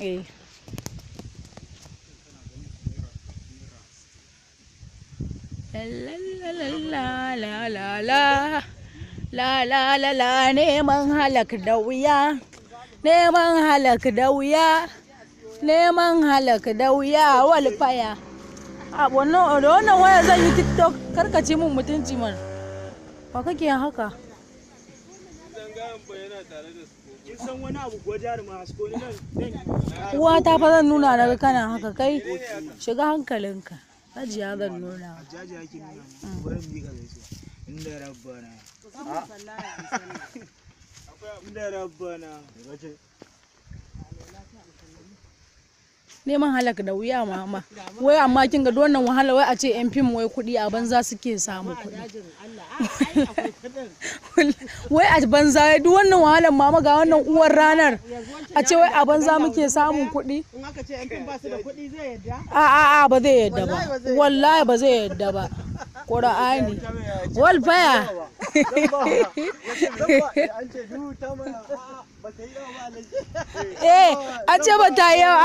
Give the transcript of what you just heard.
Eh. La la la la la la la la neman halak da wuya neman halak da wuya neman halak da wuya wal faya a wannan waya zan yi tiktok karkace mun mutunci man ba kake haka kin fa zan nuna ga kana haka kai shiga hankalinka ajiya zan nuna neman halak da wuya mama wai amma kin ga wannan wahala wai a ce yan fim wai kuɗi a banza suke samu kuɗi wai a banza wai duk wannan wahalar mama ga wannan uwar ranar a ce wai a banza muke samun kuɗi a a ba zai yadda ba wallahi ba zai yadda ba ƙura'ani walfaya eh a ce ba ta yawa